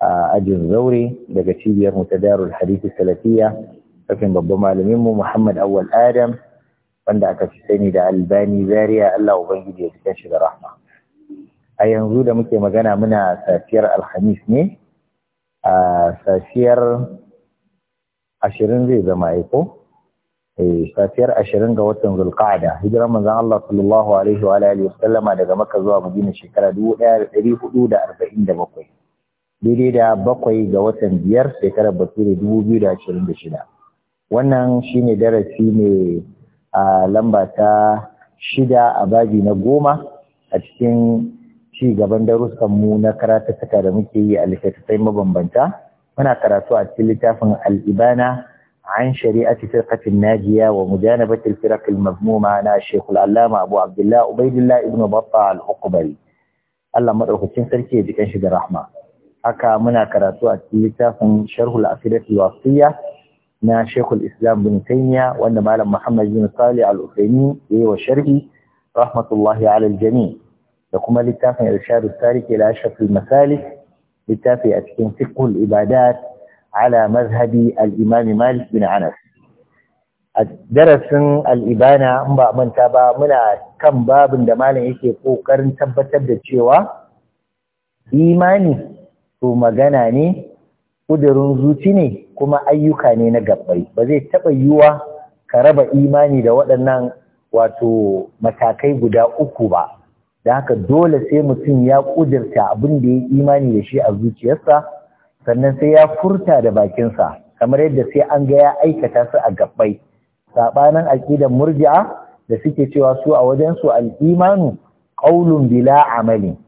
a ajin zaure daga cibiyar mu ta darul hadisi salafiya kafin babban malamin mu Muhammad Awwal Adam wanda aka fi sani da Albani Zaria Allah ubangiji ya cikin shi da rahma a yanzu da muke magana muna safiyar Alhamis ne a safiyar ashirin zai zama aiko eh, safiyar ashirin ga watan zulqa'ada hijiran manzon Allah sallallahu alaihi wa alihi wasallama daga maka zuwa Madina shekara bakwai. daidai da bakwai ga watan biyar shekarar bature dubu biyu da ashirin da shida wannan shine darasi ne a lamba ta shida a babi na goma a cikin ci gaban darussanmu na karatattuka da muke yi a littattafai mabambanta muna karatu a cikin littafin al'ibana عن شريعة فرقة الناجية ومجانبة الفرق المذمومة na الشيخ Allama Abu Abdullahi الله عبيد الله ابن بطة العقبري الله مرحبا كن سركي يجيك أنشد rahma. haka muna karatu a cikin littafin sharhul aqidatul wasiyya na Sheikhul Islam bin Taymiya wanda Malam Muhammad bin Salih Al-Uthaymeen yayi wa sharhi rahmatullahi ala al-jami da kuma littafin Irshadus Tariq ila Ashrafil Masalik littafi a cikin Fiqhul Ibadat ala mazhabi al-Imam Malik bin Anas a darasin al'ibana in ba manta ba muna kan babin da malam yake kokarin tabbatar da cewa imani to magana ne ƙudurin zuci ne kuma ayyuka ne na gabbai ba zai taɓa yiwuwa ka raba imani da waɗannan wato matakai guda uku ba da haka dole sai mutum ya ƙudurta abin da ya imani da shi a zuciyarsa sannan sai ya furta da bakinsa kamar yadda sai an ga ya aikata su a gabbai saɓanin aƙidan murji'a da suke cewa su a wajensu al'imanu ƙaulun bila amali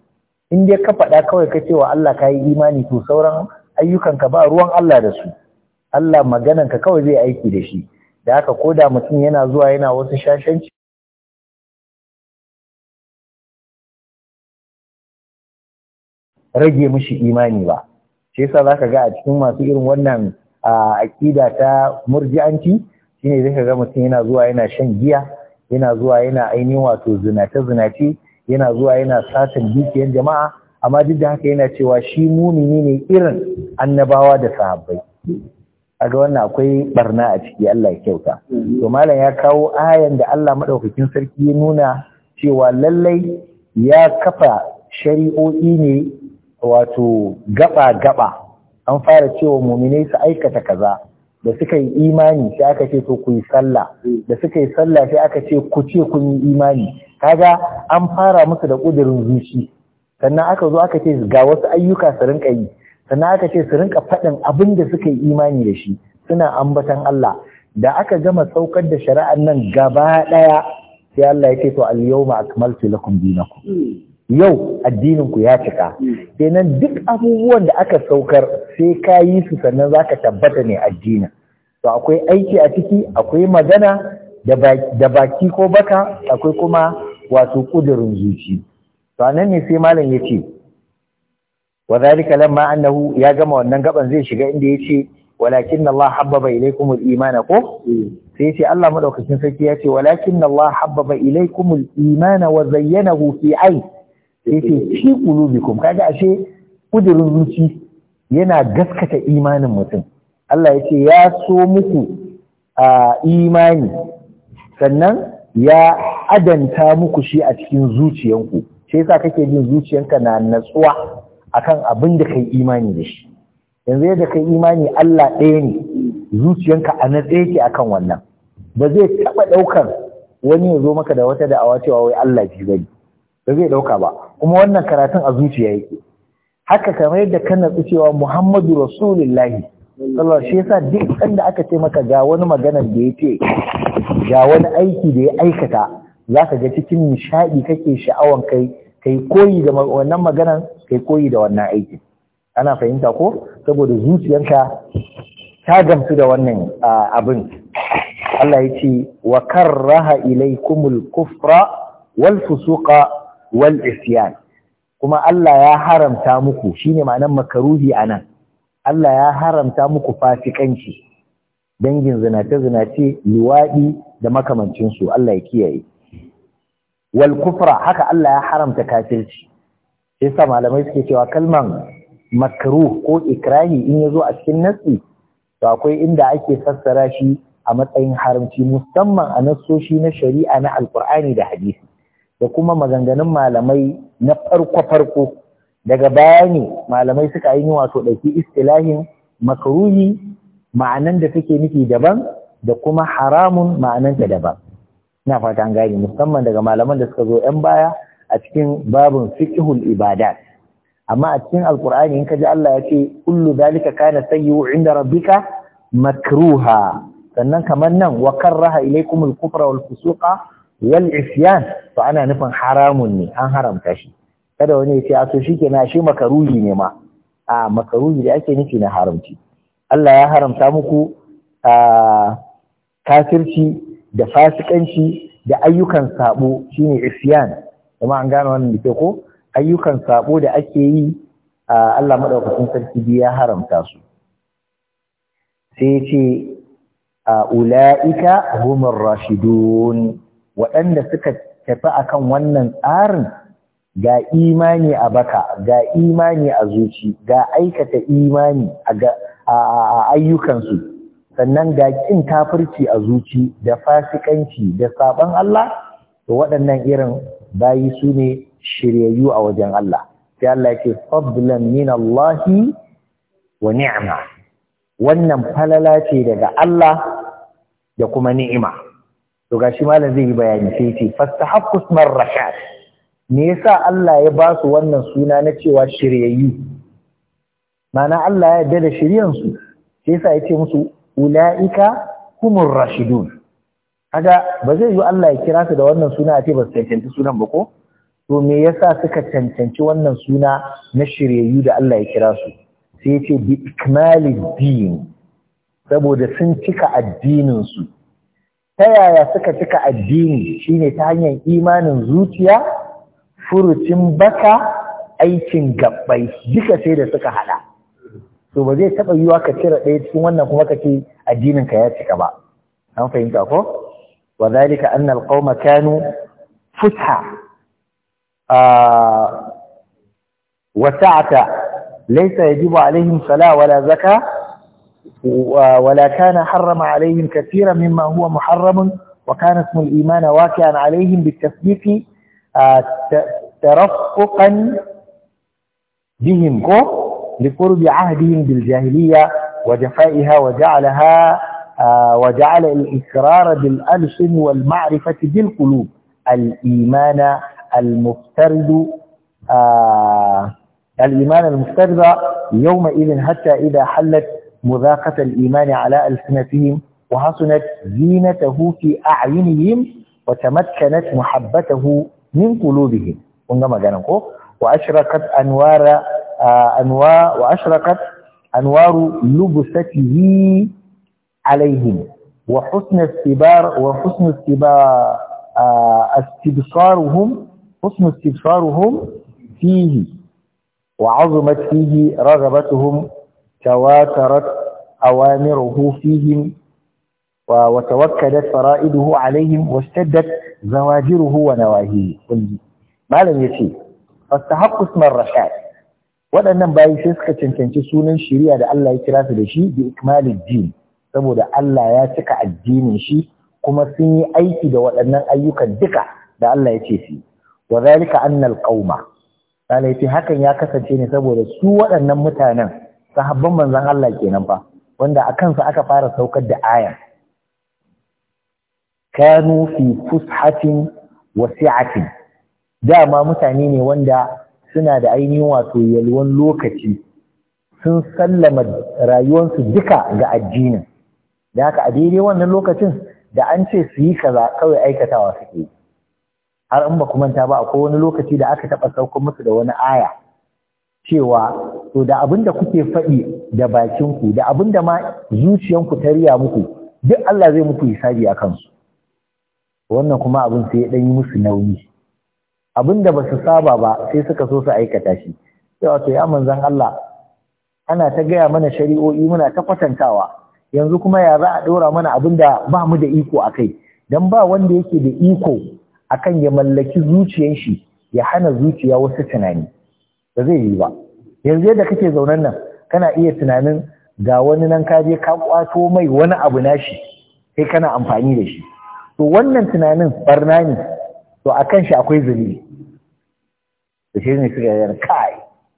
in dai ka faɗa kawai ka cewa Allah ka yi imani to sauran ayyukanka ba ruwan Allah da su Allah magananka kawai zai aiki da shi da haka ko da mutum yana zuwa yana wasu shashanci rage mishi imani ba shi yasa zaka ga a cikin masu irin wannan aƙida ta murji'anci shine zaka ga mutum yana zuwa yana shan giya yana zuwa yana ainihin wato zinace zinace yana zuwa yana satin dukiyar jama'a amma duk da haka yana cewa shi mumini ne irin annabawa da sahabbai kaga wannan akwai barna a ciki Allah ya kyauta to malam ya kawo ayan da Allah madaukakin sarki ya nuna cewa lallai ya kafa shari'o'i ne wato gaba gaba an fara cewa muminai su aikata kaza da suka yi imani sai aka ce to ku yi sallah da suka yi sallah sai aka ce ku ce kun yi imani kaga an fara musu da kudirin zuci sannan aka zo aka ce ga wasu ayyuka su rinka yi sannan aka ce su rinka faɗin abin da suka yi imani da shi suna ambatan Allah da aka gama saukar da shari'an nan gaba ɗaya sai Allah ya ce to al-yawma akmaltu lakum dinakum yau addinin ku ya cika kenan duk abubuwan da aka saukar sai ka yi su sannan zaka tabbata ne addinin to akwai aiki a ciki akwai magana da baki ko baka akwai kuma wato kudurin zuci to nan ne sai malam yace wa zalika lamma annahu ya gama wannan gaban zai shiga inda yace walakin Allah habbaba ilaykum al ko sai yace Allah madaukakin sarki ce walakin Allah habbaba ilaykum imana iman wa zayyanahu fi ayn yake fi qulubikum kaga ashe kudurin zuci yana gaskata imanin mutum Allah ya ce ya so muku a imani sannan ya adanta muku shi a cikin zuciyanku shi yasa kake jin zuciyanka na natsuwa akan abin da kai imani da shi yanzu yadda kai imani Allah ɗaya ne zuciyanka a natsa yake akan wannan ba zai taɓa ɗaukar wani ya zo maka da wata da'awa cewa wai Allah ji gani ba zai ɗauka ba kuma wannan karatun a zuciya yake haka kamar yadda kan natsu cewa Muhammadu Rasulullahi sallallahu shi yasa duk sanda aka ce maka ga wani maganar da ya ce ga wani aiki da ya aikata zaka ga cikin nishaɗi kake sha'awan kai kai koyi da wannan maganar kai koyi da wannan aiki ana fahimta ko saboda zuciyanka ta gamsu da wannan abin Allah ya ce wa karraha ilaikumul kufra wal fusuqa wal isyan kuma Allah ya haramta muku shine ma'anar makaruhi anan Allah ya haramta muku fasikanci dangin zinace zinace luwadi da makamancin su Allah ya kiyaye wal kufra haka Allah ya haramta kafirci sai sa malamai suke cewa kalman makruh ko ikrahi in yazo a cikin nasi to akwai inda ake fassara shi a matsayin haramci musamman a nasoshi na shari'a na alkur'ani da hadisi da kuma maganganun malamai na farko-farko daga bayani malamai suka yi wato ɗauki istilahin makaruhi ma'anan da suke nufi daban da kuma haramun ma'ananta daban ina fata an musamman daga malaman da suka zo 'yan baya a cikin babun fiqhul ibadat amma a cikin alqur'ani in kaji Allah ya ce kullu zalika kana sayyi'u inda rabbika makruha sannan kamar nan wa karraha ilaykumul kufra wal fusuqa wal isyan to ana nufin haramun ne an haramta shi kada wani ya ce a so shikenan shi makaruhi ne ma a makaruhi da ake nufi na haramci Allah ya haramta muku a kafirci da fasikanci da ayyukan sabo shine isyan kuma an gano wannan dake ko ayyukan sabo da ake yi Allah madaukakin sarki ya haramta su sai ce a ula'ika humur rashidun waɗanda suka tafi akan wannan tsarin ga imani a baka ga imani a zuci ga aikata imani a ayyukansu sannan ga ƙin kafirci a zuci da fasikanci da sabon Allah to waɗannan irin bayi su ne shiryayyu a wajen Allah sai Allah ke fadlan min Allah wa ni'ima. wannan falala ce daga Allah da kuma ni'ima to gashi malam zai yi bayani sai ce fastahaqqu ismar rashad me yasa Allah ya ba su wannan suna na cewa shiryayyu mana Allah ya yarda da shiryan su sai yasa ya ce musu ulaika humur rashidun kaga ba zai yi Allah ya kira su da wannan suna a ce ba su cancanci sunan ba ko to me yasa suka cancanci wannan suna na shiryayyu da Allah ya kira su sai yace ce bi ikmalid din saboda sun cika addinin su ta yaya suka cika addini shine ta hanyar imanin zuciya furucin baka aikin gabbai duka sai da suka hada to ba zai taba yiwa ka cire ɗaya cikin wannan kuma ka ce addinin ka ya cika ba an fahimta ko wa zalika anna alqauma kanu futha wa sa'ata laysa yajibu alaihim sala wala zaka ولا كان حرم عليهم كثيرا مما هو محرم وكان اسم الإيمان واقعا عليهم بالتثبيت آه، ترفقا بهم لقرب عهدهم بالجاهلية وجفائها وجعلها آه، وجعل الإكرار بالألسن والمعرفة بالقلوب الإيمان المفترض آه، الإيمان المفترض يومئذ حتى إذا حلت مذاقة الإيمان على ألسنتهم وحسنت زينته في أعينهم وتمكنت محبته من قلوبهم عندما جانقوا وأشرقت أنوار آه، أنواع وأشرقت أنوار لبسته عليهم وحسن استبار وحسن استبار آه، استبصارهم حسن استبصارهم فيه وعظمت فيه رغبتهم تواترت أوامره فيهم وتوكدت فرا'iduhu alaihim واشتدت زواجره ونواهيه malam yace fastahaqqu ismar rashad waɗannan bayi sai suka cancanci sunan shari'a da Allah ya kira su da shi bi ikmalid din saboda Allah ya cika addinin shi kuma sun yi aiki da waɗannan ayyukan duka da Allah ya ce su wa zalika anna alqauma hakan ya kasance ne saboda su waɗannan mutanen sahabban manzan Allah kenan fa wanda a kansa aka fara saukar da aya kanu fi fushatin wasi'atin dama mutane ne wanda suna da ainihin wato yalwan lokaci sun sallama rayuwarsu duka ga addinin da haka a daidai wannan lokacin da an ce su yi kaza kawai aikatawa suke har in ba ku manta ba akwai wani lokaci da aka taɓa saukar musu da wani aya cewa to da abin da kuke faɗi da bakinku da abin da ma zuciyanku ta riya muku duk Allah zai muku hisabi a kansu wannan kuma abin sai ya ɗan yi musu nauyi abin da ba su saba ba sai suka so su aikata shi sai wato ya manzan Allah ana ta gaya mana shari'o'i muna ta kwatantawa yanzu kuma ya za a ɗora mana abin da ba mu da iko a kai don ba wanda yake da iko akan ya mallaki zuciyan shi ya hana zuciya wasu tunani ba zai yi ba yanzu yadda kake zaunan nan kana iya tunanin ga wani nan ka je ka kwato mai wani abu nashi sai kana amfani da shi to wannan tunanin barna ne to akan shi akwai zuri da shi ne suka yi kai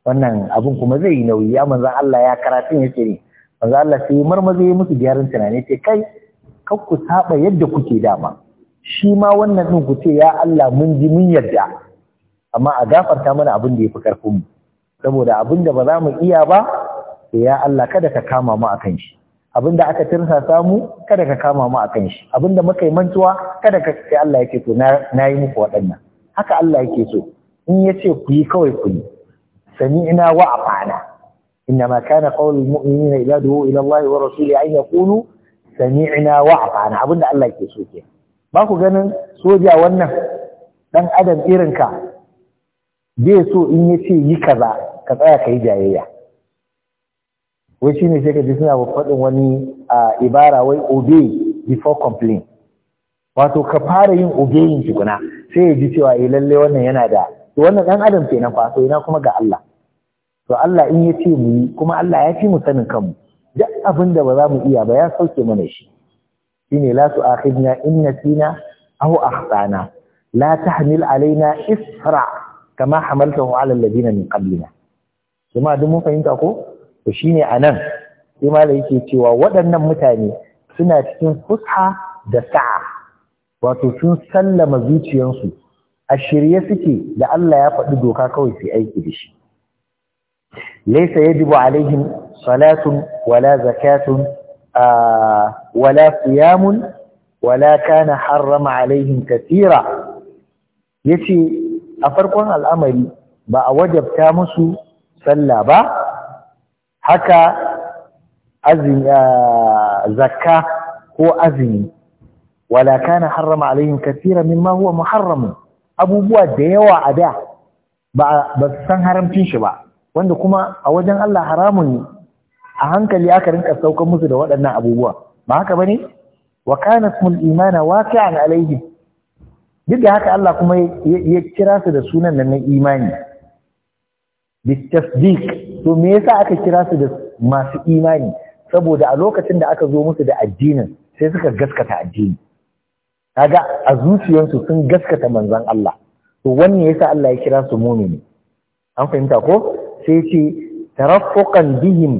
wannan abun kuma zai yi nauyi ya manzan Allah ya karatun ya ce ne manzan Allah sai ya marmaza ya musu gyaran tunani ce kai kan ku saba yadda kuke dama shi ma wannan din ku ce ya Allah mun ji mun yarda amma a gafarta mana abin da ya fi karfin mu saboda abin da ba za mu iya ba ya Allah kada ka kama mu akan shi abin da aka tirsa samu kada ka kama mu akan shi abin da muka yi mantuwa kada ka sai Allah yake to na yi muku waɗannan haka Allah yake so in ya ce ku yi kawai ku yi sami'na wa afana inna ma kana qawlul mu'minina idza du'u ila Allah wa rasuli ay yaqulu sami'na wa afana abin da Allah yake so ke ba ku ganin soja wannan dan adam irinka bai so in ya ce yi kaza ka tsaya ka yi jayayya wai shi ne sai ka ji suna faɗin wani a ibara wai obey before complain wato ka fara yin obeyin tukuna sai ya ji cewa yi eh, lalle wannan yana da to wannan dan adam kenan fa ina kuma ga Allah to Allah in ya ce mu yi kuma Allah ya fi mu sanin kanmu duk abin da ba za mu iya ba ya sauke mana shi shine la tu'akhidna in nasina aw akhtana la tahmil alaina isra kama hamaltahu ala alladhina min qablina jama'a duk mun fahimta ko to shine anan sai malai yake cewa waɗannan mutane suna cikin fusha da sa'a wato sun sallama zuciyarsu a shirye suke da Allah ya faɗi doka kawai sai aiki da shi laysa yajibu alaihim salatun wala zakatun wala siyamun wala kana harrama alaihim kathira yace a farkon al'amari ba a wajabta musu sallah ba haka azumi zakka ko azumi wala kana harrama alaihim kaseeran mimma huwa muharram abubuwa da yawa ada ba ba san haramcin shi ba wanda kuma a wajen Allah haramun ne a hankali aka rinka saukar musu da waɗannan abubuwa ba haka bane wa kana ismul imana waqi'an alaihim duk da haka Allah kuma ya kira su da sunan nan na imani bitasdiq to me yasa aka kira su da masu imani saboda a lokacin da aka zo musu da addinin sai suka gaskata addini kaga a zuciyarsu sun gaskata manzon Allah to wanne yasa Allah ya kira su mu'mini an fahimta ko sai ce tarafuqan bihim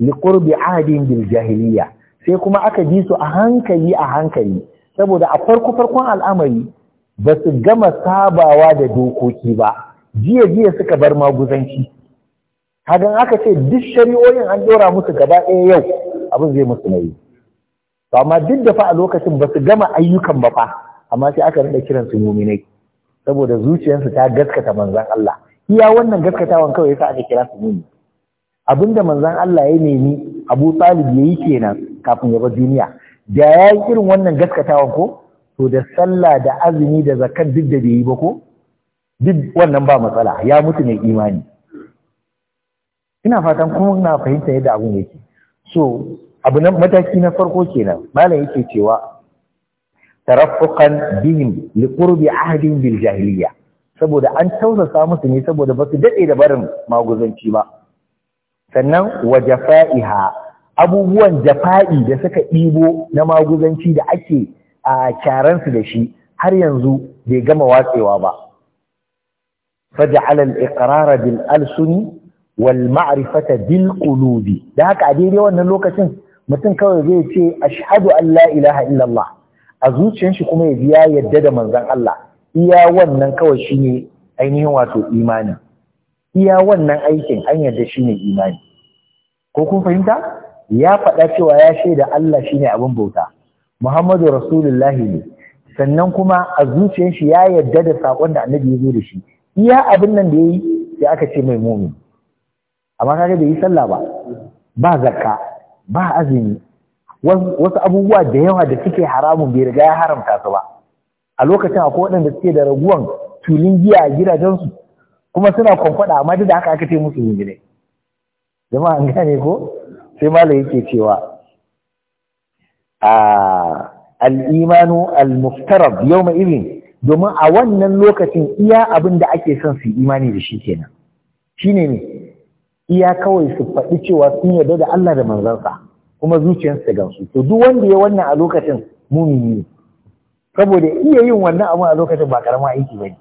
liqurbi ahdin bil jahiliya sai kuma aka ji su a hankali a hankali saboda a farko farkon al'amari ba su gama sabawa da dokoki ba jiya jiya suka bar maguzanci hagan aka ce duk shari'o'in an ɗora musu gaba ɗaya yau abin zai musu nauyi to amma duk da fa a lokacin ba su gama ayyukan ba fa amma sai aka rinda kiran su muminai saboda zuciyarsu ta gaskata manzan Allah iya wannan gaskatawan kawai yasa aka kira su abinda manzan Allah ya nemi Abu Talib yayi kenan kafin ya bar duniya da ya yi irin wannan gaskatawan ko to da sallah da azumi da zakat duk da bai yi ba ko duk wannan ba matsala ya mutu ne imani ina fatan kuma na fahimta yadda abin yake so abu nan mataki na farko kenan malam yake cewa tarafuqan bihim liqurbi ahdin bil jahiliya saboda an tausasa musu ne saboda ba su dade da barin maguzanci ba sannan wajafa'iha abubuwan jafa'i da suka ɗibo na maguzanci da ake a kyaransu da shi har yanzu bai gama watsewa ba alal فجعل wal بالألسن والمعرفة kulubi. da haka a daidai wannan lokacin mutum kawai zai ce ashhadu an la ilaha illallah a zuciyar kuma ya ji ya yadda da manzon Allah iya wannan kawai shine ainihin wato imani iya wannan aikin an yadda shine imani ko kun fahimta ya faɗa cewa ya shaida Allah shine abin bauta Muhammadu Rasulullahi ne sannan kuma a zuciyar ya yadda da sakon da Annabi ya zo da shi iya abin nan da ya yi sai aka ce mai mumi amma kaga bai yi sallah ba ba zakka ba azumi wasu abubuwa da yawa da suke haramun bai riga ya haramta su ba a lokacin akwai waɗanda suke da raguwan tulin giya a gidajensu kuma suna kwamfada amma duk da haka aka ce musu ne jama'a an gane ko sai mala yake cewa a ah, al-imanu al-muftarab yau ma irin domin a wannan lokacin iya abin da ake son su imani da shi kenan shi ne ne iya kawai su faɗi cewa sun yarda da Allah da manzansa kuma zuciyarsu gansu to duk wanda ya wannan a lokacin mumini ne saboda iya yin wannan abin a lokacin ba karama aiki ba bane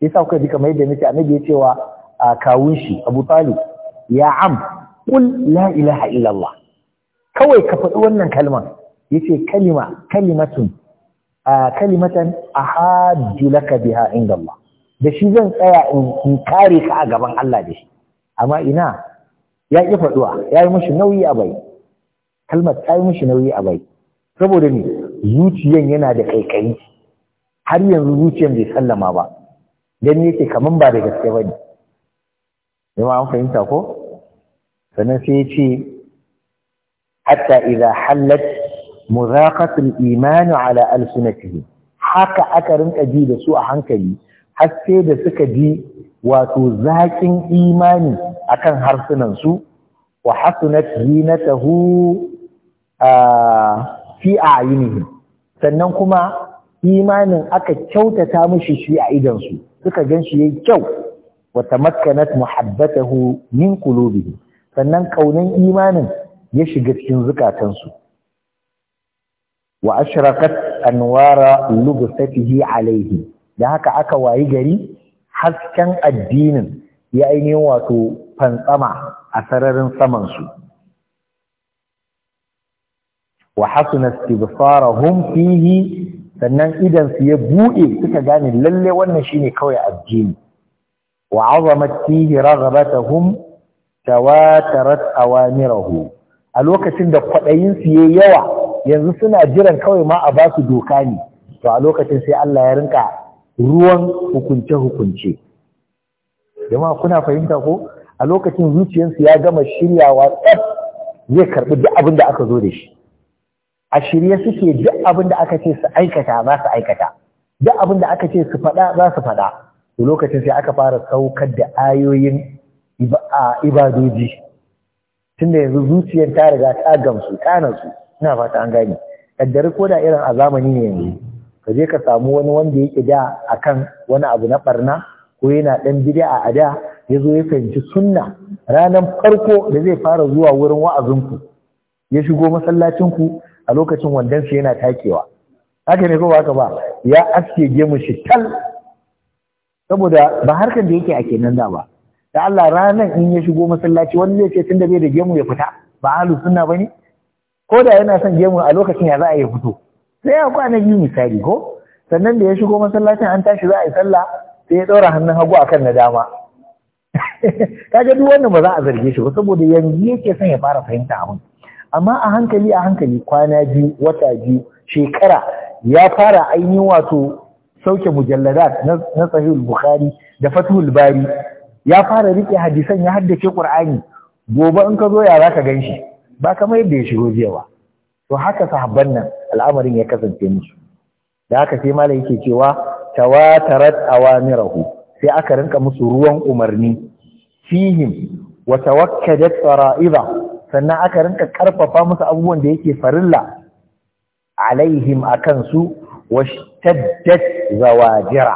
yasa kuka ji kamar yadda nake annabi ya cewa a kawun shi Abu Talib ya am kul la ilaha illallah kawai ka faɗi wannan kalmar yace kalima kalimatun a kalimatan laka biha inda Allah da shi zan tsaya in kare ka a gaban Allah da shi amma ina ya ƙi faɗuwa ya yi mashi nauyi a bai kalmar ta yi mashi nauyi a bai saboda ne zuciyan yana da kaikayi har yanzu zuciyan bai sallama ba dan yake kaman ba da gaske ba ne yamma an fahimta ko sannan sai ya ce hatta idza hallat muzaqatul imani ala alsunatihim haka aka rinƙa ji da su a hankali har sai da suka ji wato zaƙin imani akan harsunan su wa hasunat zinatahu fi a'yunihim sannan kuma imanin aka kyautata mishi shi a idan su suka gan shi yayi kyau wa tamakkanat muhabbatahu min qulubihim sannan kaunan imanin ya shiga cikin zukatansu wa ashrakat anwara lubsatihi alaihi da haka aka wayi gari hasken addinin ya ainihin wato fantsama a sararin saman su wa hasuna istibsarahum fihi sannan idan su ya bude suka gane lalle wannan shine kawai addini wa azamat fihi raghabatuhum tawatarat awamirahu a lokacin da kwadayin su yayi yawa yanzu suna jiran kawai ma a basu doka ne to a lokacin sai Allah ya rinka ruwan hukunce hukunce jama'a kuna fahimta ko a lokacin zuciyarsu ya gama shiryawa tsaf zai karɓi duk abin da aka zo da shi a shirye suke duk abin da aka ce su aikata za su aikata duk abin da aka ce su faɗa za su faɗa to lokacin sai aka fara saukar da ayoyin ibadoji tunda yanzu zuciyar ta riga ta gamsu ta ina fata an gani kaddari ko da irin a zamani ne yanzu ka je ka samu wani wanda yake da akan wani abu na barna ko yana ɗan bid'a a da ya zo ya fahimci sunna ranar farko da zai fara zuwa wurin wa'azinku ya shigo masallacinku a lokacin wandon shi yana takewa haka ne ko ba haka ba ya aske gemu shi tal saboda ba harkar da yake a kenan da ba da Allah ranar in ya shigo masallaci wani zai ce tunda bai da gemu ya fita ba ahlus sunna bane ko da yana son gemu a lokacin ya za a yi fito sai ya kwana biyu misali ko sannan da ya shigo masallacin an tashi za a yi sallah sai ya ɗora hannun hagu a kan na dama kaga duk wannan ba za a zarge shi ba saboda yanzu yake son ya fara fahimta mun. amma a hankali a hankali kwana biyu wata biyu shekara ya fara ainihin wato sauke mujalladat na sahihul bukhari da fathul bari ya fara rike hadisan ya haddace qur'ani gobe in ka zo ya zaka ganshi ba kamar yadda ya shigo jiya ba to haka sahabban nan al'amarin ya kasance musu da haka sai malam yake cewa tawatarat awamirahu sai aka rinka musu ruwan umarni fihim wa tawakkadat fara'iza sannan aka rinka karfafa musu abubuwan da yake farilla alaihim akan su washtaddat zawajira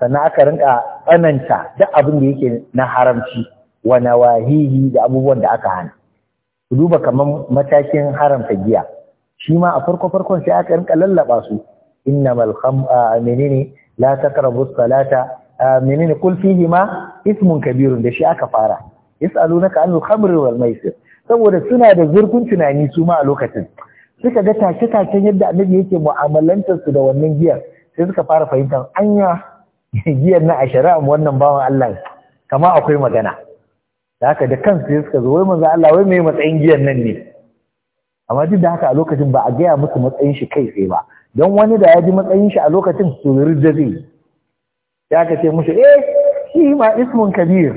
sannan aka rinka tsananta duk abin da yake na haramci wa nawahihi da abubuwan da aka hana ku duba kamar matakin haramta giya shi ma a farko farkon sai aka rinka lallaba su innamal kham menene la taqrabu salata menene kul fihi ma ismun kabirun da shi aka fara yasalunaka anil khamr wal maisir saboda suna da zurfin tunani su ma a lokacin suka ga take-taken yadda annabi yake mu'amalantar su da wannan giyar sai suka fara fahimtar anya giyar na a wannan bawan Allah kama akwai magana da haka da kansu ya suka zo wai manzo Allah wai mai matsayin giyan nan ne amma duk da haka a lokacin ba a gaya musu matsayin shi kai tsaye ba don wani da ya ji matsayin shi a lokacin su da zai ya ka ce musu eh shi ma ismun kabir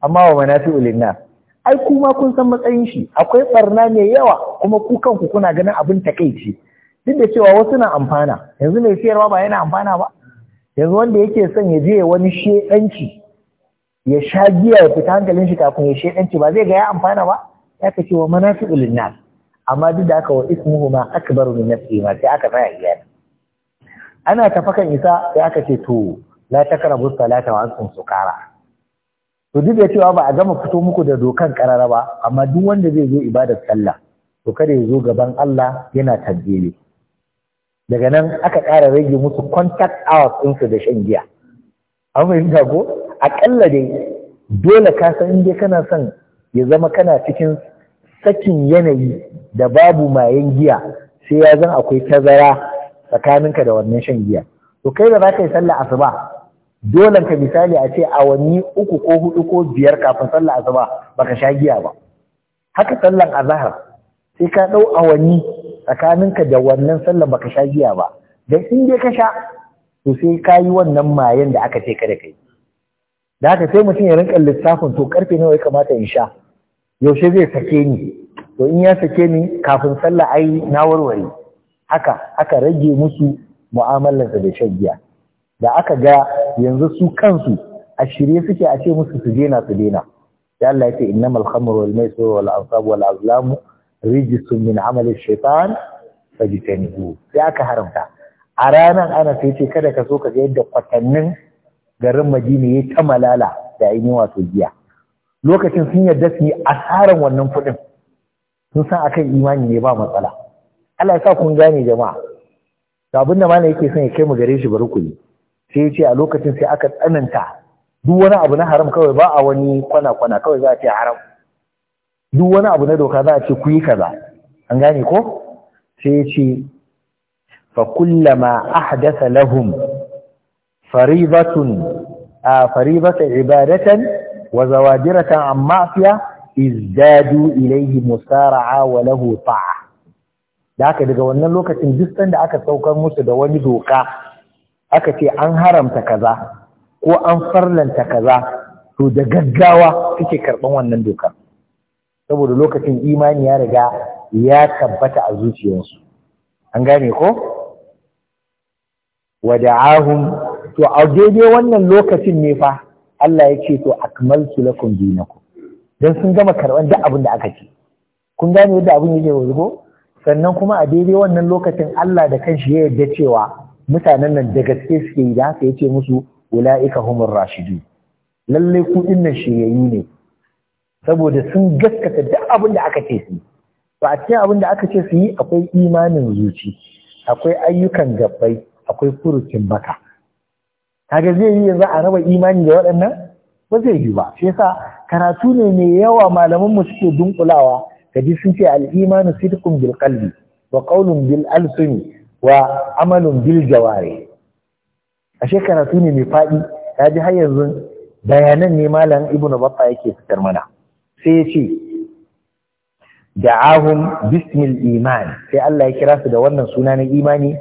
amma wa ulin na. ai kuma kun san matsayin shi akwai barna mai yawa kuma ku kanku kuna ganin abin takeici duk da cewa wasu na amfana yanzu mai siyarwa ba yana amfana ba yanzu wanda yake son ya je wani shedanci ya sha giya ya fita hankalin shi kafin ya shedanci ba zai ga ya amfana ba ya kace wa manafi'ul nan," amma duk da haka wa ismuhuma akbaru min nafsi ma sai aka tsaya iya ana tafakan isa sai aka ce to la takrabu salata wa antum sukara to duk da cewa ba a gama fito muku da dokan karara ba amma duk wanda zai zo ibadar sallah to kada ya zo gaban Allah yana tabbele daga nan aka ƙara rage musu contact hours ɗinsu da shan giya an fahimta ko aƙalla dai dole ka san inda kana son ya zama kana cikin sakin yanayi da babu mayan giya sai ya zan akwai tazara tsakaninka da wannan shan giya to kai da za ka yi sallah asuba dole ka misali a ce awanni uku ko hudu ko biyar kafin sallah asuba baka sha giya ba haka sallan azahar sai ka ɗau awanni tsakaninka da wannan sallan baka sha giya ba dan in dai ka sha to sai ka yi wannan mayan da aka ce ka da kai da haka sai mutum ya rinka lissafin to karfe nawa ya kamata in sha yaushe zai sake ni to in ya sake ni kafin sallah ai na warware haka aka rage musu mu'amalarsa da shan giya da aka ga yanzu su kansu a shirye suke a ce musu su daina su daina ya Allah ya ce innamal khamru wal maisir wal ansab wal azlamu rijsun min amali shaitan fajtanibu sai aka haramta a ranar ana sai ce kada ka so ka ga yadda kwatannin garin madina ya ta malala da ainihin wato giya lokacin sun yarda su yi asaran wannan kuɗin sun san akan imani ne ba matsala Allah ya sa kun gane jama'a to abinda malam yake son ya kai mu gare shi bari ku yi sai ya ce a lokacin sai aka tsananta duk wani abu na haram kawai ba a wani kwana-kwana kawai za a ce haram duk wani abu na doka za a ce ku yi kaza an gane ko sai ya ce fa kullama ahdatha lahum faribatun a faribata ibadatan wa zawadiratan an ma'afiya izdadu ilaihi musara'a wa lahu ta'a da haka daga wannan lokacin duk da aka saukar musu da wani doka aka ce an haramta kaza ko an farlanta kaza to da gaggawa suke karɓan wannan dokar saboda lokacin imani ya riga ya tabbata a zuciyarsu an gane ko wada'ahum to a daidai wannan lokacin ne fa Allah ya ce to akmaltu lakum dinakum dan sun gama karban duk abin da aka ce kun gane yadda abin yake yanzu sannan kuma a daidai wannan lokacin Allah da kanshi ya yarda cewa mutanen nan da gaske suke yi da haka yace musu ulaika humur rashidu lalle ku dinnan shiyayi ne saboda sun gaskata duk abin da aka ce su ba a cikin abin da aka ce su yi akwai imanin zuci akwai ayyukan gabbai akwai furucin baka kaga zai yi yanzu a raba imani da waɗannan ba zai yi ba shi yasa karatu ne mai yawa malaman mu suke dunkulawa kaji sun ce al-imanu sidqun bil qalbi wa qawlun bil alsuni wa amalun bil jawari ashe karatu ne mai faɗi kaji har yanzu bayanan ne malam ibnu baffa yake fitar mana sai ya ce da'ahum bismil iman sai Allah ya kira su da wannan suna na imani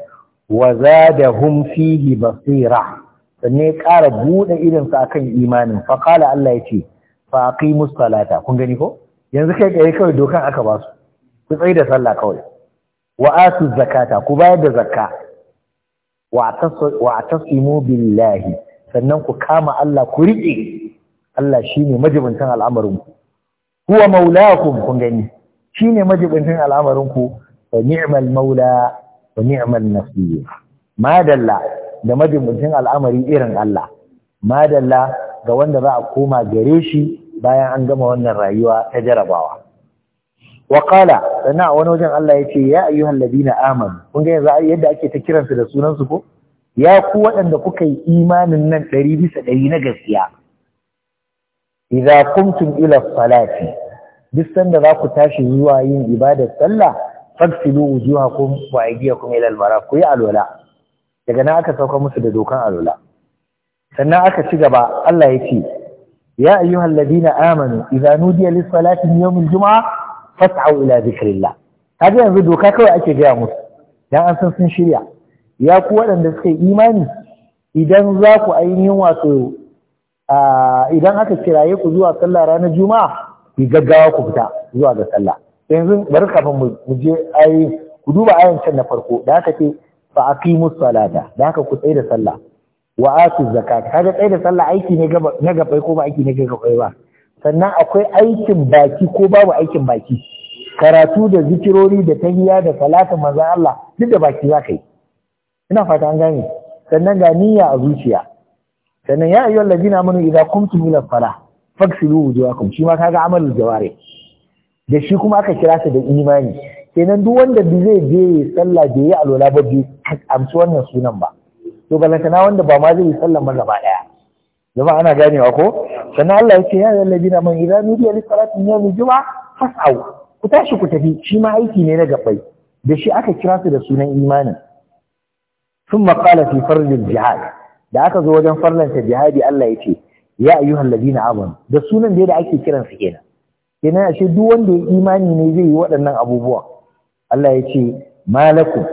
wa zadahum fihi basira sannan ya ƙara buɗe irinsa akan imanin faƙala Allah ya ce faƙi musalata kun gani ko yanzu kai tsaye kawai dokan aka ba su ku tsaye da sallah kawai wa atu zakata ku bayar da zakka wa tasimu billahi sannan ku kama Allah ku riƙe Allah shine majibintan al'amarin ku huwa maulakum kun gani Shi ne al'amarin ku wa ni'mal maula wa ni'mal nasir madalla da majibincin al'amari irin Allah madalla ga wanda za a koma gare shi bayan an gama wannan rayuwa ta jarabawa wa sana'a wani wajen Allah ya ce ya ayyuhal ladina amanu kun ga yanzu yadda ake ta kiransu da sunansu ko ya ku waɗanda kuka yi imanin nan ɗari bisa ɗari na gaskiya kum kumtum ila salati duk sanda za ku tashi zuwa yin ibadar sallah fagsilu wujuhakum wa aydiyakum ila al-marafaq ku yi alwala daga nan aka sauka musu da dokan alula sannan aka ci gaba Allah ya ce ya ayyuhal ladina amanu idza nudiya lis salati yawmil jumu'a fas'au ila dhikrillah kaga yanzu doka kawai ake gaya musu dan an san sun shirya ya ku waɗanda suka yi imani idan za ku ainihin wato idan aka kiraye ku zuwa sallah ranar juma'a ki gaggawa ku fita zuwa ga sallah yanzu bari kafin mu je ayi ku duba ayan can na farko da aka ce fa aqimus salata da haka ku tsaya da sallah wa atu zakat kaga tsaya da sallah aiki ne gaba na gabai ko ba aiki ne gabai ba sannan akwai aikin baki ko babu aikin baki karatu da zikirori da tahiya da salatin maza Allah duk da baki za yi ina fata an gane sannan ga niyya a zuciya sannan ya ayyuhal ladina amanu idza qumtum ila salah faghsilu wujuhakum shi ma kaga amalul jawari da shi kuma aka kira sa da imani kenan duk wanda zai je ya sallah da ya yi alwala ba a amci wannan sunan ba to balantana wanda ba ma zai yi sallah ba gaba daya zama ana ganewa ko sannan Allah ya ce ya bi na man idan nudiya li yau yawmi juma'a fas'au ku tashi ku tafi shi ma aiki ne na gabai da shi aka kira su da sunan imanin sun maƙala fi farlin jihad da aka zo wajen farlanta jihadi Allah ya ce ya ayyuhan na amanu da sunan da ake kiran su kenan kenan ashe duk wanda ya imani ne zai yi waɗannan abubuwan Allah ya ce malakum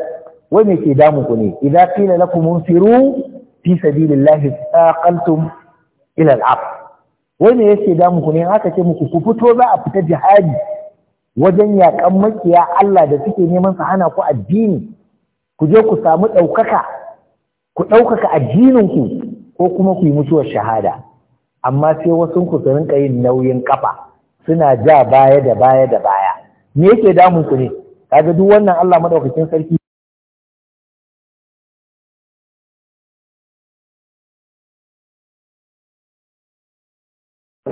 wai me ke damu ku ne idza qila lakum munfiru fi sabilillahi taqaltum ila al-ab wai me yake damu ku ne haka ce muku ku fito za a fita jihadi wajen yakan makiya Allah da suke neman sa hana ku addini ku je ku samu ɗaukaka ku ɗaukaka addininku ko kuma ku yi mutuwar shahada amma sai wasu ku su rinka yin nauyin kafa suna ja baya da baya da baya me yake damu ku ne kaga duk wannan Allah madaukakin sarki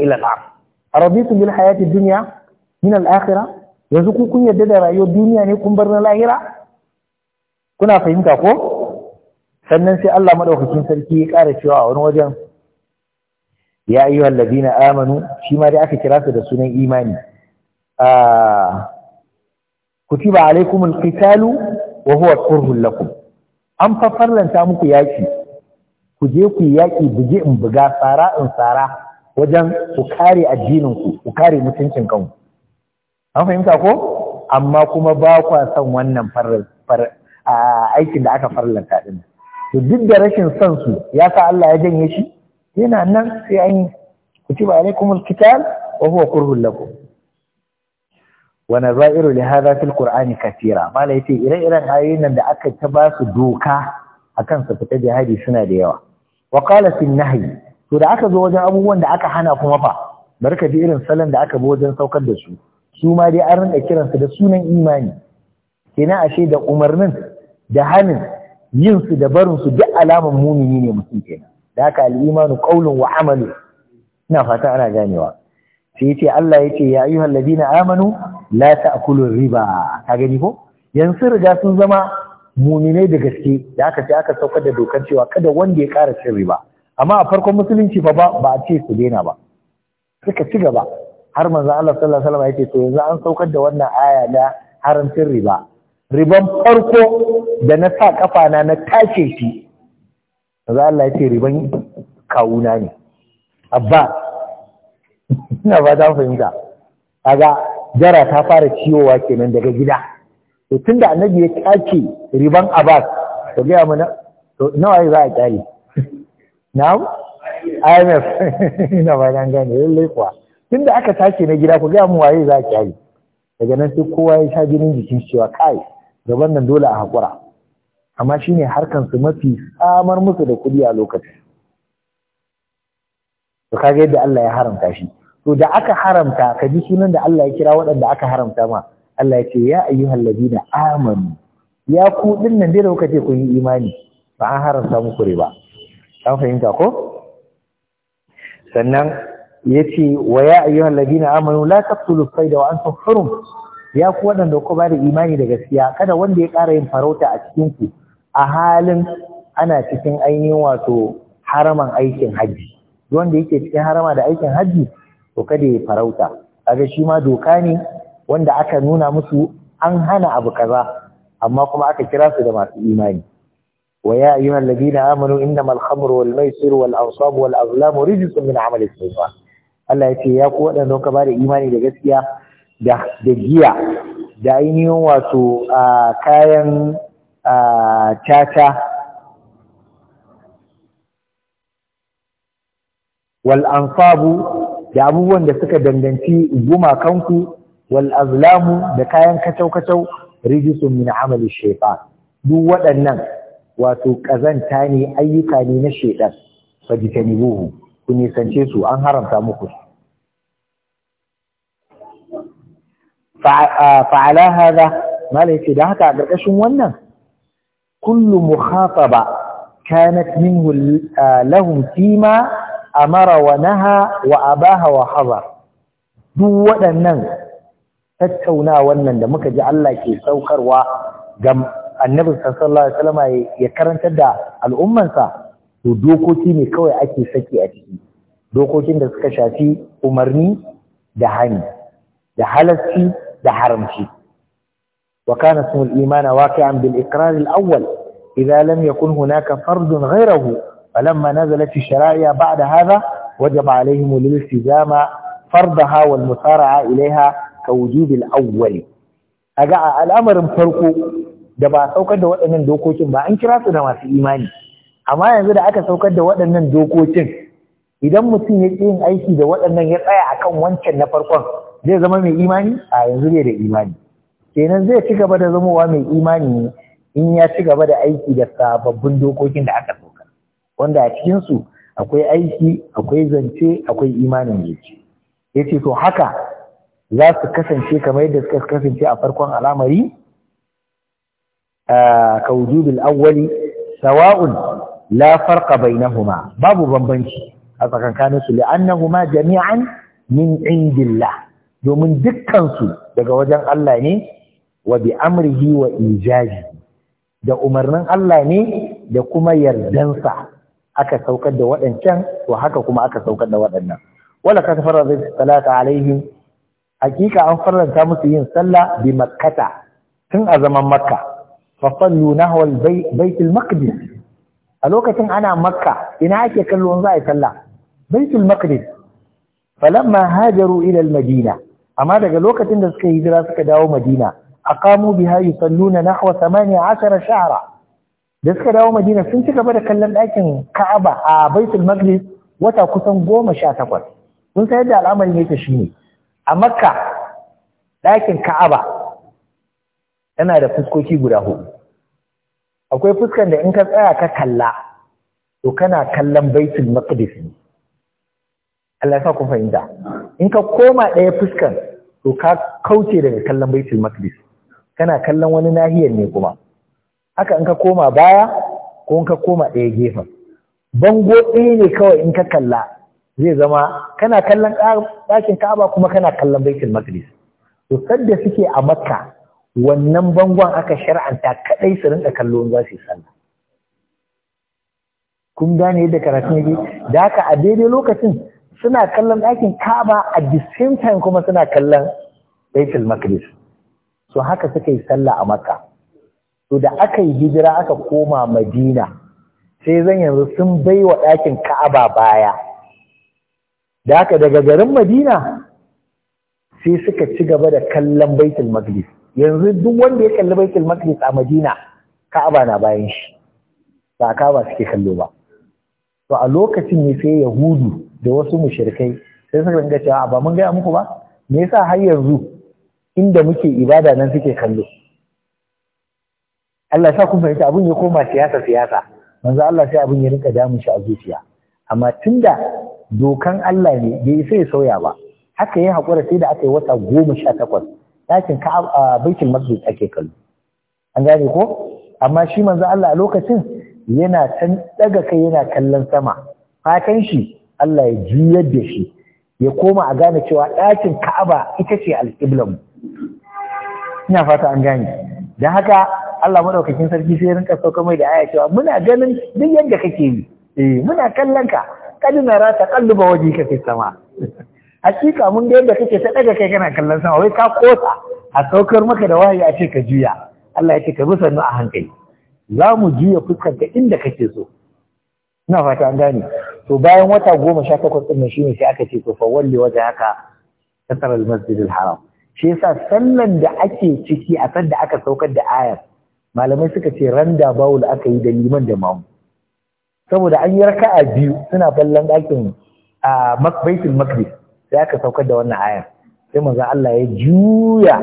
ila al'am araditu bil hayati dunya min al yanzu ku kun yarda da rayuwar duniya ne kun bar na lahira kuna fahimta ko sannan sai Allah madaukakin sarki ya ƙara cewa a wani wajen ya ayyuhal ladina amanu shi ma dai aka kira su da sunan imani ah kutiba alaikumul qitalu wa huwa kurhun lakum an fa farlanta muku yaki ku je ku yaki buje in buga tsara in tsara wajen ku kare addinin ku ku kare mutuncin kanku an fahimta ko amma kuma ba kwa son wannan aikin da aka farlanta din to duk da rashin son su ya sa Allah ya janye shi yana nan sai an yi kutiba alaikumul qital wa huwa kurhun lakum wa nazairu li hadha fil qur'ani katira mala yace ire-iren ayoyin nan da aka ta ba su doka akan su fita jihadi suna da yawa wa qala fil nahyi to da aka zo wajen abubuwan da aka hana kuma fa barka ji irin salon da aka bi wajen saukar da su su ma dai an rinka kiransu da sunan imani kenan ashe da umarnin da hanin yin su da barin su duk alaman mumini ne mutum kenan da haka al-imanu qawlun wa amalu ina fata ana ganewa sai ce Allah ya ce ya ayyuhal na amanu la akulun riba ka gani ko yanzu riga sun zama muminai da gaske da aka ce aka saukar da dokar cewa kada wanda ya kara cin riba amma a farkon musulunci fa ba ba a ce su daina ba suka ci gaba har manzon Allah sallallahu alaihi wasallam ya ce to yanzu an saukar da wannan aya da haramcin riba riban farko da na sa kafa na na tace shi manzon Allah ya ce riban kawuna ne abba ina ba ta fahimta kaga jara ta fara ciwowa kenan daga gida to tunda annabi ya kake riban abbas to ga mu to nawa za a kare na'am IMF ina ba dan gane lalle kuwa tunda aka sace na gida ku ga mu waye za a kare daga nan sai kowa ya sha jinin jikin cewa kai gaban nan dole a hakura amma shine harkan su mafi samar musu da kudi a lokacin to kaga yadda Allah ya haramta shi to da aka haramta ka ji sunan da Allah ya kira waɗanda aka haramta ma Allah ya ce ya ayyuhal ladina amanu ya ku din nan dai da kuka ce kun yi imani ba an haramta muku riba an fahimta ko sannan yace wa ya ayyuhal ladina amanu la taqtulu sayda wa antum hurum ya ku waɗanda kuka ba da imani da gaskiya kada wanda ya ƙara yin farauta a cikin ku a halin ana cikin ainihin wato haraman aikin hajji wanda yake cikin harama da aikin hajji to kada ya farauta kaga shi ma doka ne wanda aka nuna musu an hana abu kaza amma kuma aka kira su da masu imani wa ya ayyuha alladhina amanu innamal khamru wal maisir wal ansab wal azlam rijsun min amali shaytan Allah ya ce ya ku waɗanda kuka bada imani da gaskiya da da giya da ainihin wato kayan caca wal ansabu da abubuwan da suka danganci gumakanku wal azlamu da kayan kacau-kacau rijisun min amali shefa duk waɗannan wato ƙazanta ne ayyuka ne na shaitan buhu ku nisance su an haramta muku fa'ala hada malai ce da haka a ƙarƙashin wannan kullu mukhafaba kanat minhu lahum fima amara wa naha wa abaha wa hazar duk waɗannan tattauna wannan da muka ji Allah ke saukarwa ga annabi sallallahu alaihi wasallam ya karantar da al'ummansa to dokoki ne kawai ake saki a ciki dokokin da suka shafi umarni da hani da halasci da haramci wa kana ismul imana waqi'an bil iqrar al awwal idza lam yakun hunaka fardun ghayrahu Balan فلما نزلت ba بعد هذا وجب عليهم الالتزام فرضها musara'a ilaiha كوجوب الأول أجاء الأمر فرقه da ba saukar da waɗannan dokokin ba an kira su da masu imani amma yanzu da aka saukar da waɗannan dokokin idan mutum ya yin aiki da waɗannan ya tsaya akan wancan na farkon zai zama mai imani a yanzu bai da imani kenan zai ci gaba da zamowa mai imani ne in ya ci gaba da aiki da sababbin dokokin da aka so wanda a cikinsu akwai aiki akwai zance akwai imanin zuci ya ce to haka za su kasance kamar yadda suka kasance a farkon al'amari a wujubil awwali sawa'un la farqa bainahuma babu bambanci a tsakankanin su li'annahuma jami'an min indillah domin dukkansu daga wajen Allah ne wa bi amrihi wa ijaji, da umarnin Allah ne da kuma yardansa aka saukar da waɗancan to haka kuma aka saukar da waɗannan wala ka farada salata alaihim hakika an faranta musu yin sallah bi makkata tun a zaman makka fa sallu nahwa baitul maqdis a lokacin ana makka ina ake kallon za a yi sallah baitul maqdis falamma hajaru ila al-madina amma daga lokacin da suka hijira suka dawo madina aqamu biha yusalluna nahwa 18 shahra da suka dawo madina sun ci gaba da kallon ɗakin ka'aba a baitul maqdis wata kusan goma sha takwas sun sayar da al'amarin yake ne. a makka ɗakin ka'aba yana da fuskoki guda hudu akwai fuskan da in ka tsaya ka kalla to kana kallon baitul maqdis ne Allah ya sa ku fahimta in ka koma ɗaya fuskan to ka kauce daga kallon baitul maqdis kana kallon wani nahiyar ne kuma haka in ka koma baya ko in ka koma ɗaya gefen bango ɗaya ne kawai in ka kalla zai zama kana kallon ɗakin ka'aba kuma kana kallon baitul maqdis to da suke a makka wannan bangon aka shar'anta kadai su rinka kallo za su yi sallah kun gane yadda karatun yake da haka a daidai lokacin suna kallon ɗakin kaba a the same time kuma suna kallon baitul maqdis so haka suka yi sallah a makka to da aka yi hijira aka koma madina sai zan yanzu sun baiwa ɗakin ka'aba baya da aka daga garin madina sai suka ci gaba da kallon baitul maqdis yanzu duk wanda ya kalli baitul maqdis a madina ka'aba na bayan shi ba ka'aba suke kallo ba to a lokacin ne sai yahudu da wasu mushrikai sai suka ringa cewa ba mun gaya muku ba me yasa har yanzu inda muke ibada nan suke kallo Allah sa kun abin ya koma siyasa siyasa manzo Allah sai abin ya rinka damun shi a zuciya amma tunda dokan Allah ne bai sai ya sauya ba haka yin hakura sai da aka yi wata goma sha takwas ɗakin ka baitul maqdis ake kallo an gane ko amma shi manzo Allah a lokacin yana can daga kai yana kallon sama fatan shi Allah ya juyar da shi ya koma a gane cewa ɗakin Ka'aba ita ce alƙiblan ina fata an gane don haka Allah madaukakin sarki sai rinka sauka mai da aya cewa muna ganin duk yadda kake yi eh, muna kallon ka kad ra ta qalluba ka fi sama hakika mun ga yadda kake ta daga kai kana kallon sama wai ka kosa a saukar maka da wahayi a ce ka juya Allah ya ce ka sannu a hankali za mu juya fuskar ka inda kake so ina fata an gane to bayan wata goma sha takwas ɗin shine sai aka ce to fa walli wajen haka kasar al al-haram shi yasa sallan da ake ciki a san da aka saukar da ayar malamai suka ce randa bawul aka yi da liman da mamu saboda an yi raka'a biyu suna ballon ɗakin a baitul sai aka saukar da wannan ayar sai manzo Allah ya juya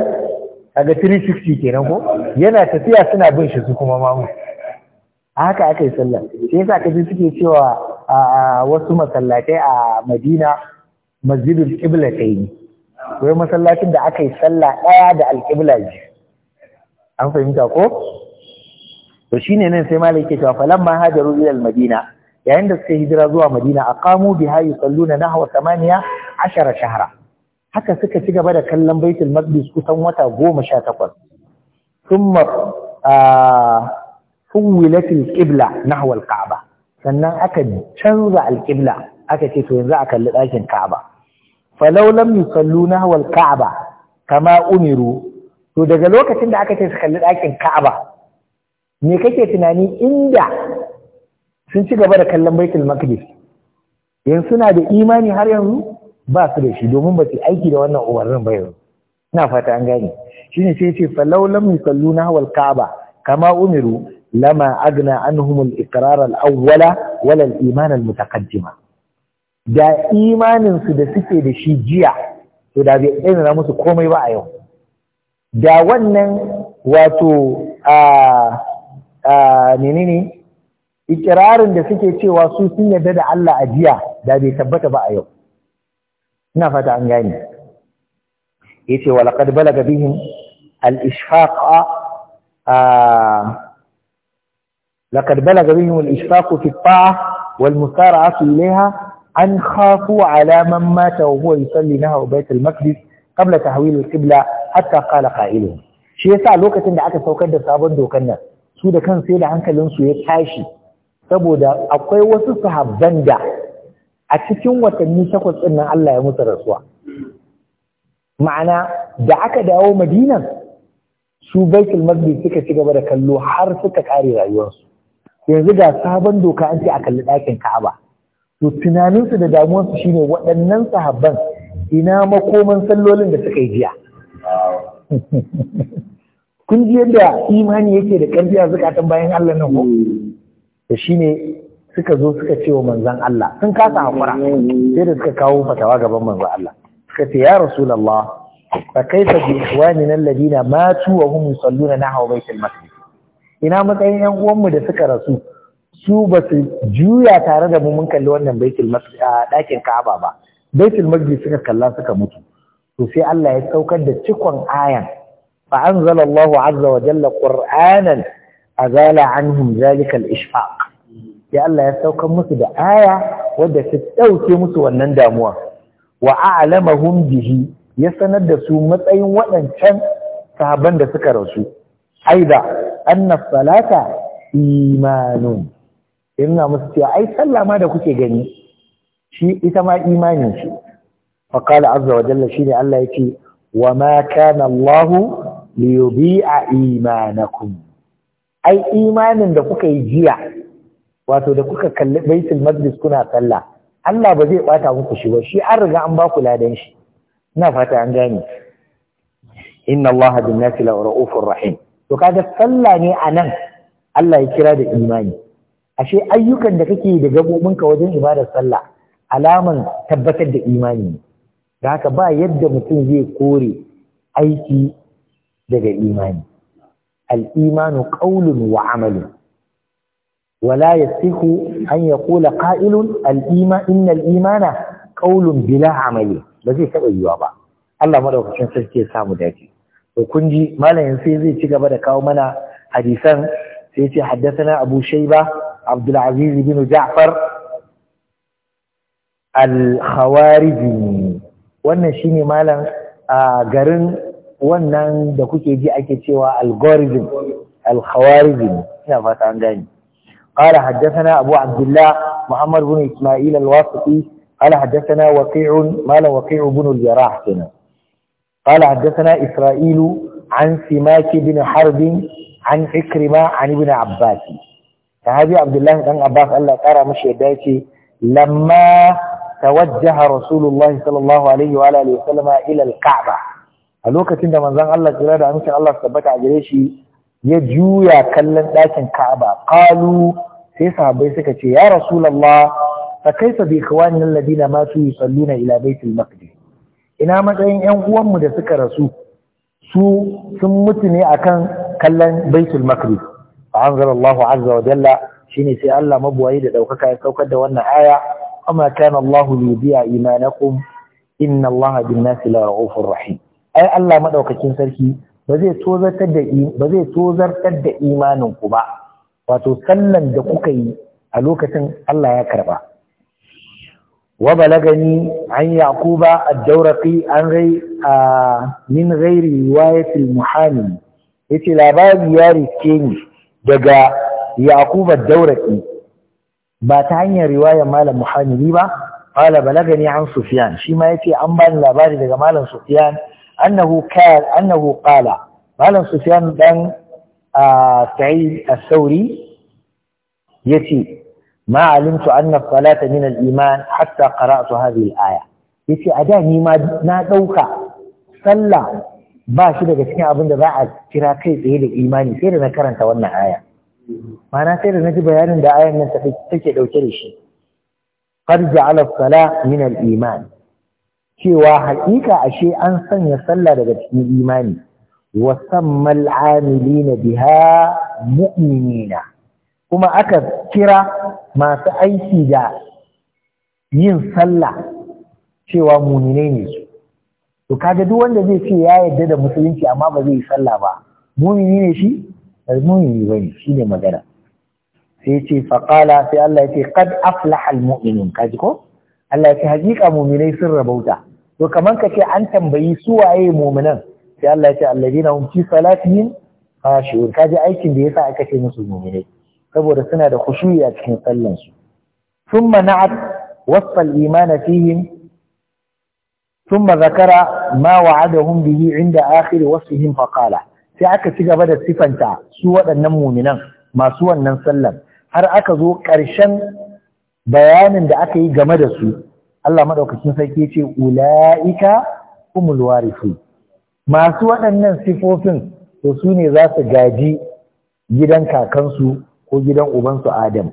kaga 360 kenan ko yana tafiya suna bin shi su kuma mamu haka aka yi sallah sai yasa kaji suke cewa a wasu masallatai a Madina masjidul qiblatayn wai masallacin da aka yi sallah daya da alqibla ji an fahimta ko to shine nan sai malai ke cewa falamma hajaru ila al-madina yayin da suka hijira zuwa madina aqamu biha yusalluna nahwa 18 shahra haka suka ci gaba da kallon baitul maqdis kusan wata 18 thumma fuwilat al-qibla nahwa al sannan aka canza al aka ce to yanzu a kalli dakin ka'aba falau lam yusallu nahwa al kama umiru to daga lokacin da aka ce su kalli ɗakin ka'aba me kake tunani inda sun ci gaba da kallon baitul maqdis yanzu suna da imani har yanzu ba su da shi domin ba su aiki da wannan umarnin ba yanzu ina fata an gane shine sai ce falau lam yusalluna hawal ka'aba kama umiru lama agna anhum al-iqrar al-awwala wala al-iman al-mutaqaddima da imanin su da suke da shi jiya to da bai tsaya musu komai ba a yau da wannan wato a a menene ikirarin da suke cewa su sun yarda da Allah a jiya da bai tabbata ba a yau ina fata an gane yace wa laqad balaga bihim al-ishfaq ishaq a laqad balaga bihim al لقد بلغ بهم الإشفاق في الطاعة والمسارعة إليها أن خافوا على من مات وهو يصلي al maqdis qabla tahwil al qibla hatta qala qa'iluhum shi yasa lokacin da aka saukar da sabon dokan nan su da kan sai da su ya tashi saboda akwai wasu sahabban da a cikin watanni takwas ɗin nan Allah ya musu rasuwa ma'ana da aka dawo madinan su baitul maqdis suka ci gaba da kallo har suka kare rayuwarsu yanzu ga sabon doka an ce a kalli ɗakin Ka'aba to tunaninsu da damuwarsu shine waɗannan sahabban ina makoman sallolin da suka yi jiya kun ji yadda imani yake da ƙarfi a zukatan bayan Allah nan ko da shi ne suka zo suka ce wa manzan Allah sun kasa hakura sai da suka kawo fatawa gaban manzan Allah suka ce ya rasulullah fa kaifa bi ikhwanina Ladina matu wa hum yusalluna nahwa baitil maqdis ina matsayin yan uwanmu da suka rasu su ba su juya tare da mu mun kalli wannan baitul masjid a ɗakin Ka'aba ba baitul masjid suka kalla suka mutu to sai Allah ya saukar da cikon ayan fa anzalallahu azza wa jalla qur'anan azala anhum zalika al-ishfaq ya Allah ya saukar musu da aya wadda ta dauke musu wannan damuwa wa a'lamahum bihi ya sanar da su matsayin waɗancan sahabban da suka rasu aida anna salata imanun inna musu cewa ai sallama ma da kuke gani shi ita ma imanin shi فقال عز وجل شيني الله يتي وما كان الله a إيمانكم أي imanin da kuka yi jiya wato da kuka kalli baitul maqdis kuna sallah Allah ba zai ɓata muku shi ba shi an riga an ba ku ladan shi ina fata an gane inna Allah bin nasi la ra'ufur rahim to kaga sallah ne a nan, Allah ya kira da imani ashe ayyukan da kake da gabobinka wajen ibadar sallah alaman tabbatar da imani ne da haka ba yadda mutum zai kore aiki daga imani al'imanu ƙaunin wa amalin wala ya siku an ya kula ƙa'ilun innal imana ƙaunin bila amali ba zai taɓa yiwa ba Allah maɗaukacin sarki ya samu daji. to kun sai zai ci gaba da kawo mana hadisan sai ce haddasa abu shaiba abdulaziz bin ja'far al-khawariji wannan shine malam a garin wannan da kuke ji ake cewa algorithm alkhawarizm ina fata an gani qala haddathana abu abdullah muhammad ibn isma'il alwasiti qala haddathana waqi' malam waqi' ibn aljarah kana qala haddathana isra'il an simaki ibn harb an ikrima an ibn abbas sahabi abdullah dan abbas Allah ya kara mashi yadda dace. lamma توجه رسول الله صلى الله عليه وعلى اله وسلم الى الكعبه a lokacin da manzan Allah jira da amincin Allah tabbata a gare shi ya juya kallon ɗakin Ka'aba Ƙalu sai sahabbai suka ce ya rasulullah fa kaifa bi ikhwanina alladina yi salluna ila baitul ina matsayin ƴan uwanmu da suka rasu su sun mutu ne akan kallon baitul maqdis fa anzalallahu azza wa jalla shine sai Allah mabuwayi da daukaka ya saukar da wannan aya amma kana Allahu liyudi'a imanakum inna Allaha bin-nasi la ra'ufur rahim ai Allah madaukakin sarki ba zai tozartar da ba zai tozartar da imanin ku ba wato sallan da kuka yi a lokacin Allah ya karba wa balagani an yaquba ad-dawraqi an rai min ghairi riwayat al yace labari ya riske ni daga yaquba ad-dawraqi ba ta hanyar riwayar malam muhammadi ba qala balagani an sufyan shi ma yace an bani labari daga malam sufyan annahu qala annahu qala malam sufyan dan sa'id as-sauri yace ma alimtu anna salata min al-iman hatta qara'tu hadhihi al-aya yace a da ni ma na dauka sallah ba shi daga cikin abin da za a kira kai tsaye da imani sai da na karanta wannan aya mana sai da naji bayanin da ayan nan take dauke da shi qad ja'ala as-sala min al-iman cewa haƙiƙa ashe an sanya sallah daga cikin imani wa sammal amilina biha mu'minina kuma aka kira masu aiki da yin sallah cewa muminai ne su to kaga duk wanda zai ce ya yarda da musulunci amma ba zai yi sallah ba mumini ne shi المؤمنين في المدرة فيتي فقال في الله يتي قد أفلح المؤمنون كذلك الله يتي هديك مؤمنين سر بوتا وكمان كي أنت بيسوا أي مؤمنين في الله يتي الذين هم في صلاتهم خاشعون كذلك أي كن بيسا أكتي نسو المؤمنين فبو رسنا دا خشوية كن صلنسو ثم نعد وصف الإيمان فيهم ثم ذكر ما وعدهم به عند آخر وصفهم فقاله sai aka ci gaba da sifanta su waɗannan muminan masu wannan sallar har aka zo ƙarshen bayanin da aka yi game da su Allah maɗaukacin sarki ce ula'ika umul warisu masu waɗannan sifofin to su ne za su gaji gidan kakansu ko gidan ubansu Adam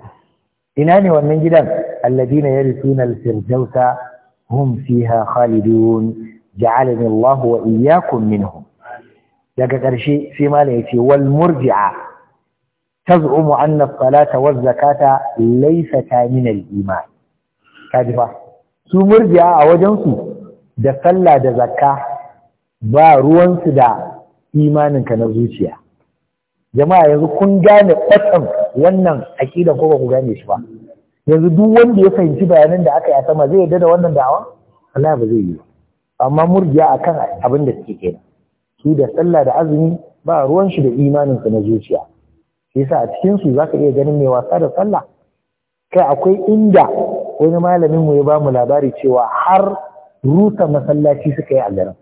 ina ne wannan gidan alladina yarisuna al-firdausa hum fiha khalidun ja'alani Allah wa iyyakum minhum daga ƙarshe sai malam ya ce wal murji'a taz'umu anna salata waz zakata ta min al iman kaji fa su murji'a a wajen su da sallah da zakka ba ruwan su da imanin ka na zuciya jama'a yanzu kun gane kwatsam wannan aƙida ko ba ku gane shi ba yanzu duk wanda ya fahimci bayanan da aka yi a sama zai yarda da wannan da'awa Allah ba zai yi amma murji'a akan abin da suke kenan shi da sallah da azumi ba ruwan shi da imanin sa na zuciya shi yasa a cikin su zaka iya ganin mai wasa da sallah kai akwai inda wani malamin mu ya ba mu labari cewa har rusa masallaci suka yi a garin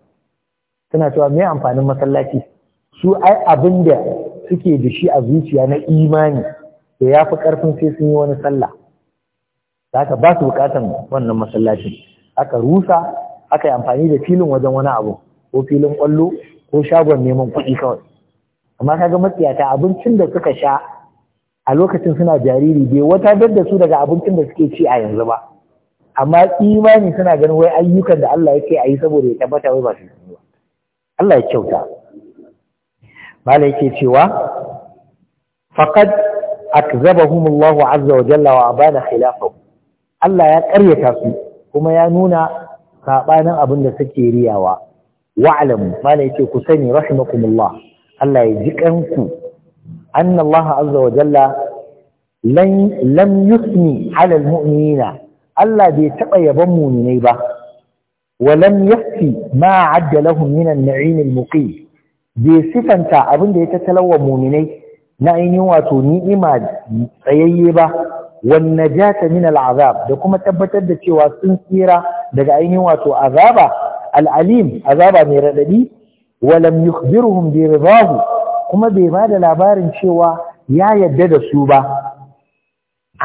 suna cewa me amfanin masallaci su ai abin da suke da shi a zuciya na imani da ya fi ƙarfin sai sun yi wani sallah da aka ba su bukatan wannan masallacin aka rusa aka yi amfani da filin wajen wani abu ko filin kwallo ko shagon neman kuɗi kawai amma kaga matsiyata abincin da suka sha a lokacin suna jariri bai wadatar da su daga abincin da suke ci a yanzu ba amma imani suna ganin wai ayyukan da Allah yake a yi saboda ya tabbata wai ba su yi ba Allah ya kyauta malai yake cewa faqad akzabahumullahu azza wa jalla wa abana khilafahu Allah ya karyata su kuma ya nuna saɓanin abin da suke riyawa wa'alam malai ce ku sani rahimakumullah Allah ya ji kanku anna Allah azza wa jalla lam yusni halal almu'minina Allah bai taɓa yaban mu'minai ba wa lam yafi ma adda lahum min an-na'im bai sifanta abin da ya tattalawa mu'minai na ainihin wato ni'ima tsayayye ba wan najata min al-azab da kuma tabbatar da cewa sun tsira daga ainihin wato azaba al'alim azaba mai raɗaɗi walam yukhbiruhum bi ridahu kuma bai ba da labarin cewa ya yadda da su ba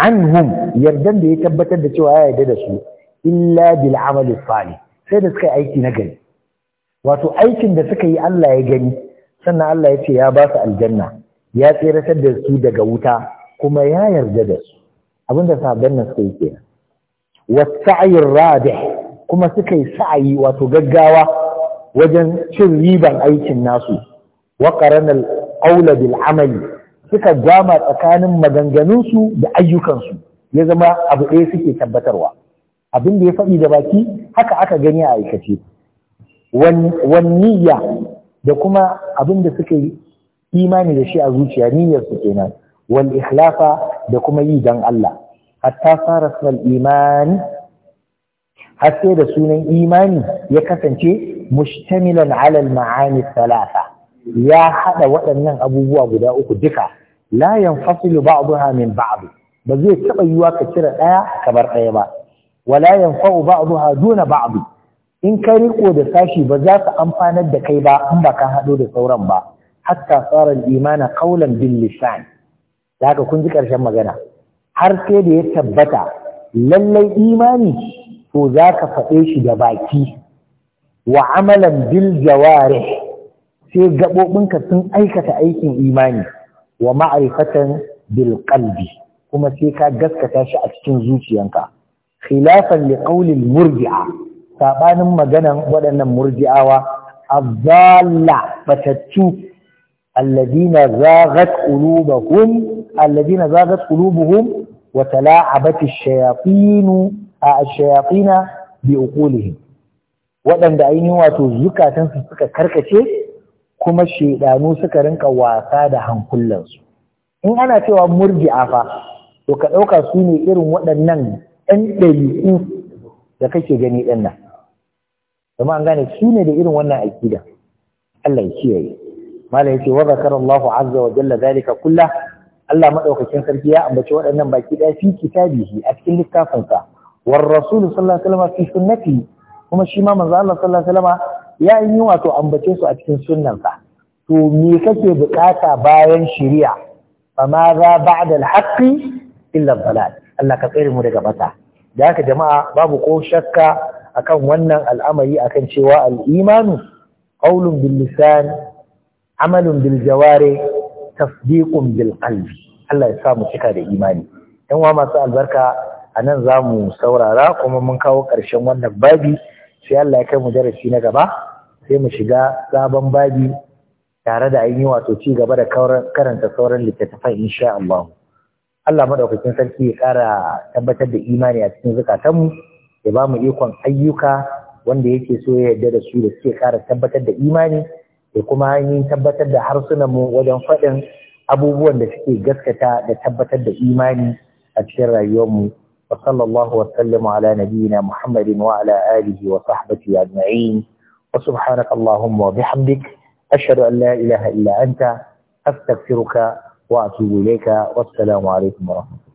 anhum yardan da ya tabbatar da cewa ya yadda da su illa bil amali sai da suka yi aiki na gani wato aikin da suka yi Allah ya gani sannan Allah ya ce ya ba su aljanna ya tseratar da su daga wuta kuma ya yarda da su abinda sahabban nan suka yi kenan wasa'ir radih kuma suka yi sa'ayi wato gaggawa wajen cin riban aikin nasu wa qaranal bil amali suka gama tsakanin maganganunsu da ayyukansu ya zama abu ɗaya suke tabbatarwa abin da ya faɗi da baki haka aka gani a aikace wanniya da kuma abin da suka yi imani da shi a zuciya niyyar su kenan wal ikhlafa da kuma yi don Allah hatta fara sal imani sai da sunan imani ya kasance mushtamilan alal ma'ani talata ya haɗa waɗannan abubuwa guda uku duka la yanfasilu ba'daha min ba'd ba zai taɓa yiwa ka cire ɗaya ka bar ɗaya ba wala yanfa'u ba'daha duna ba'd in ka riko da sashi ba za su amfanar da kai ba in ba ka haɗo da sauran ba hatta tsara imana qawlan bil lisan da haka kun ji ƙarshen magana har sai da ya tabbata lallai imani to za ka faɗe shi da baki wa amalan bil jawarih sai gaɓoɓinka sun aikata aikin imani wa ma'arifatan bil qalbi kuma sai ka gaskata shi a cikin zuciyanka khilafan li murji'a sabanin maganan waɗannan murji'awa azzalla batattu alladina zaghat qulubuhum alladina zaghat qulubuhum wa tala'abat ash a shayatina bi uqulihim waɗanda ainihin wato zukatansu suka karkace kuma shaidanu suka rinka wasa da hankulansu in ana cewa murji'a fa to ka ɗauka su ne irin waɗannan ɗan ɗabi'u da kake gani ɗan nan kuma an gane su ne da irin wannan aƙida Allah ya kiyaye mala yace wa zakara Allahu azza wa jalla zalika kullah Allah madaukakin sarki ya ambaci waɗannan baki ɗaya fi kitabihi a cikin littafinsa war rasul sallallahu alaihi wasallam fi kuma shi ma manzo Allah sallallahu alaihi wasallam ya yi wato ambace su a cikin sunnansa to me kake bukata bayan shari'a fama za ba'da al-haqqi illa dalal Allah ka tsare mu daga bata da haka jama'a babu ko shakka akan wannan al'amari akan cewa al-imanu qawlun bil lisan amalun bil jawari tasdiqun bil qalbi Allah ya sa mu cika da imani yan wa masu albarka a nan za mu saurara kuma mun kawo ƙarshen wannan babi sai Allah ya kai mu darasi na gaba sai mu shiga sabon babi tare da yin wato ci gaba da karanta sauran littattafan insha Allah Allah madaukakin sarki ya kara tabbatar da imani a cikin zukatanmu ya ba mu ikon ayyuka wanda yake so ya yarda da su da suke kara tabbatar da imani Ya kuma yi tabbatar da harsunanmu wajen faɗin abubuwan da suke gaskata da tabbatar da imani a cikin rayuwar mu. وصلى الله وسلم على نبينا محمد وعلى آله وصحبه أجمعين وسبحانك اللهم وبحمدك أشهد أن لا إله إلا أنت أستغفرك وأتوب إليك والسلام عليكم ورحمة الله